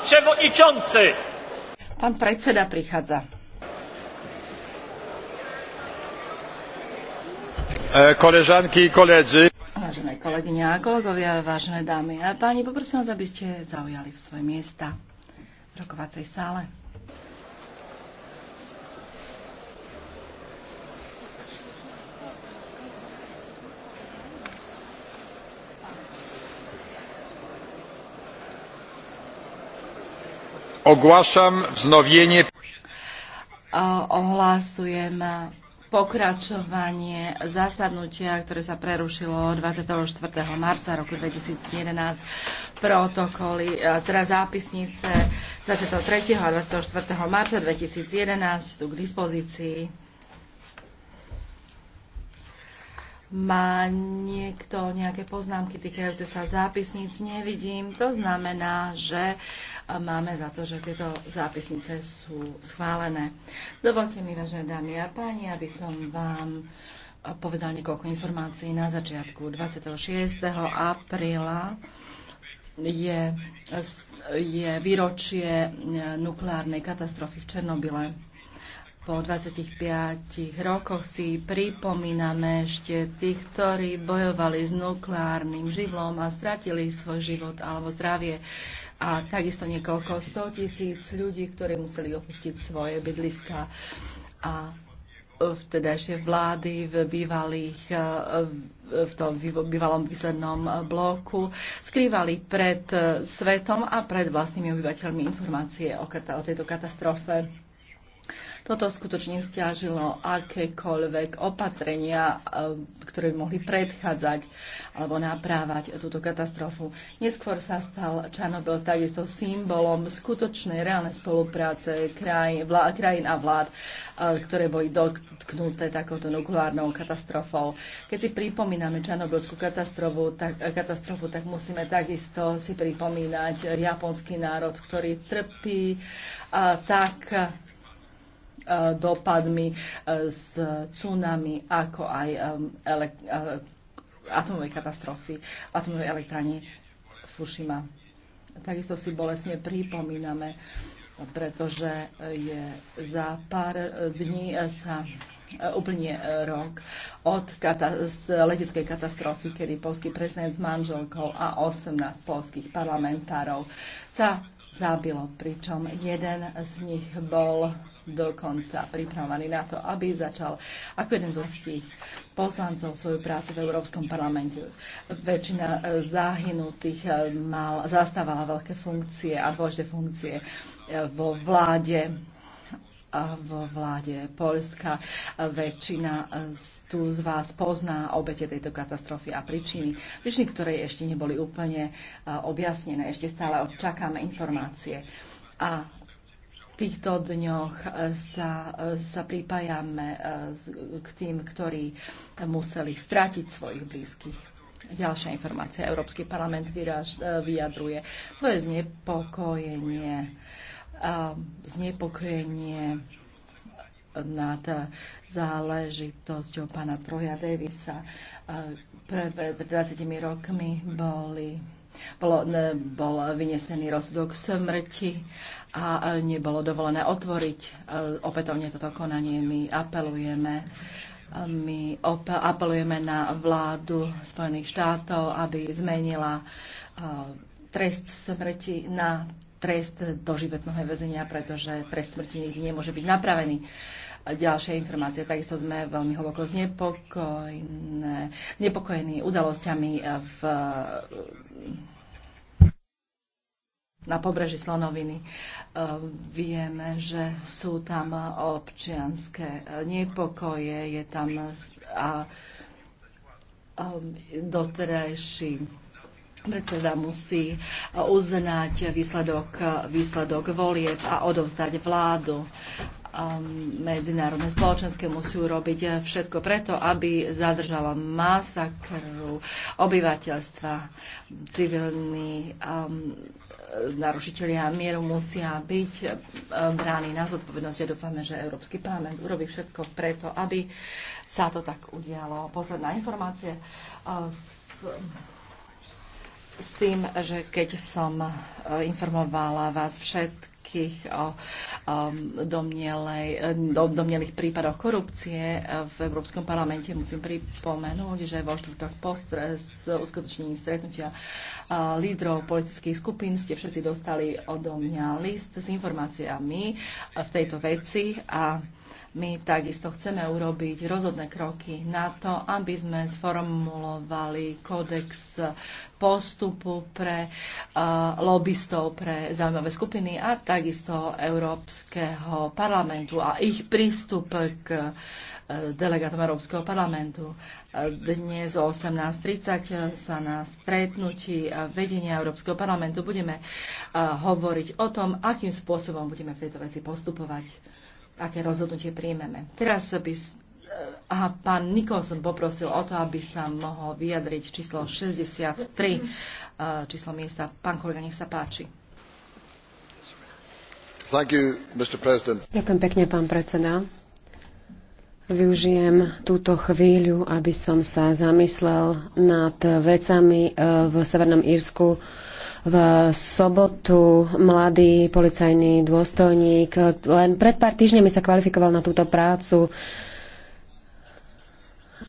przewodniczący! Pan predseda prichádza. E, koleżanki i koledzy. Vážené kolegyne a kolegovia, vážené dámy a páni, poprosím vás, aby ste zaujali v svoje miesta v rokovacej sále. Ogłaszam wznowienie. Ohlasujem pokračovanie zasadnutia, ktoré sa prerušilo 24. marca roku 2011. Protokoly, teda zápisnice 23. a 24. marca 2011 sú k dispozícii. Má niekto nejaké poznámky týkajúce sa zápisníc? Nevidím. To znamená, že máme za to, že tieto zápisnice sú schválené. Dovolte mi, vážené dámy a páni, aby som vám povedal niekoľko informácií na začiatku. 26. apríla je, je výročie nukleárnej katastrofy v Černobyle po 25 rokoch si pripomíname ešte tých, ktorí bojovali s nukleárnym živlom a stratili svoj život alebo zdravie a takisto niekoľko 100 tisíc ľudí, ktorí museli opustiť svoje bydliska a vtedajšie vlády v bývalých v tom bývalom výslednom bloku skrývali pred svetom a pred vlastnými obyvateľmi informácie o, o tejto katastrofe. Toto skutočne stiažilo akékoľvek opatrenia, eh, ktoré by mohli predchádzať alebo naprávať túto katastrofu. Neskôr sa stal Čarnobyl takisto symbolom skutočnej reálnej spolupráce kraj, vlá, krajín a vlád, eh, ktoré boli dotknuté takouto nukleárnou katastrofou. Keď si pripomíname Čarnobylskú katastrofu, tak, eh, katastrofu, tak musíme takisto si pripomínať japonský národ, ktorý trpí tak Eh, dopadmi eh, s tsunami, ako aj eh, atomovej katastrofy, atomovej elektráne Fushima. Takisto si bolestne pripomíname, pretože je za pár dní sa úplne rok od leteckej katastrofy, kedy polský prezident s manželkou a 18 polských parlamentárov sa zabilo, pričom jeden z nich bol dokonca pripravovaný na to, aby začal ako jeden zo tých poslancov svoju prácu v Európskom parlamente. Väčšina eh, zahynutých eh, mal, zastávala veľké funkcie a dôležité funkcie eh, vo vláde vo vláde Polska. Väčšina tu z vás pozná obete tejto katastrofy a príčiny. Príčiny, ktoré ešte neboli úplne objasnené. Ešte stále čakáme informácie. A týchto dňoch e, sa, e, sa pripájame e, k tým, ktorí museli stratiť svojich blízkych. Ďalšia informácia. Európsky parlament vyraž, vyjadruje svoje znepokojenie, znepokojenie nad záležitosťou pána Troja Davisa. Pred 20 rokmi boli bolo, bol vynesený rozsudok smrti a e, nebolo dovolené otvoriť e, opätovne toto konanie. My apelujeme e, my apelujeme na vládu Spojených štátov, aby zmenila trest smrti na trest doživotného väzenia, pretože trest smrti nikdy nemôže byť napravený ďalšie informácie. Takisto sme veľmi hlboko znepokojení udalosťami v, na pobreží Slonoviny. E, vieme, že sú tam občianské nepokoje, je tam a, a doterajší predseda musí uznať výsledok, výsledok volieb a odovzdať vládu. Ehm, medzinárodné spoločenské musí urobiť eh, všetko preto, aby zadržala masakru obyvateľstva. Civilní um, narušiteľia mieru musia byť eh, bráni na zodpovednosť. Ja dúfame, že Európsky parlament urobí všetko preto, aby sa to tak udialo. Posledná informácia uh, s, s tým, že keď som informovala vás všetkých, všetkých o, o domnielej, e, prípadoch korupcie e, v Európskom parlamente musím pripomenúť, že vo štvrtok po e, uskutočnení stretnutia lídrov politických skupín ste všetci dostali odo mňa list s informáciami v tejto veci a my takisto chceme urobiť rozhodné kroky na to, aby sme sformulovali kódex postupu pre uh, lobbystov, pre zaujímavé skupiny a takisto Európskeho parlamentu a ich prístup k eh, delegátom Európskeho parlamentu. Dnes o 18.30 sa na stretnutí vedenia Európskeho parlamentu budeme eh, hovoriť o tom, akým spôsobom budeme v tejto veci postupovať aké rozhodnutie príjmeme. Teraz by... Eh, aha, pán Nikolson poprosil o to, aby sa mohol vyjadriť číslo 63, eh, číslo miesta. Pán kolega, nech sa páči. You, Ďakujem pekne, pán predseda. Využijem túto chvíľu, aby som sa zamyslel nad vecami eh, v Severnom Írsku, v sobotu mladý policajný dôstojník len pred pár týždňami sa kvalifikoval na túto prácu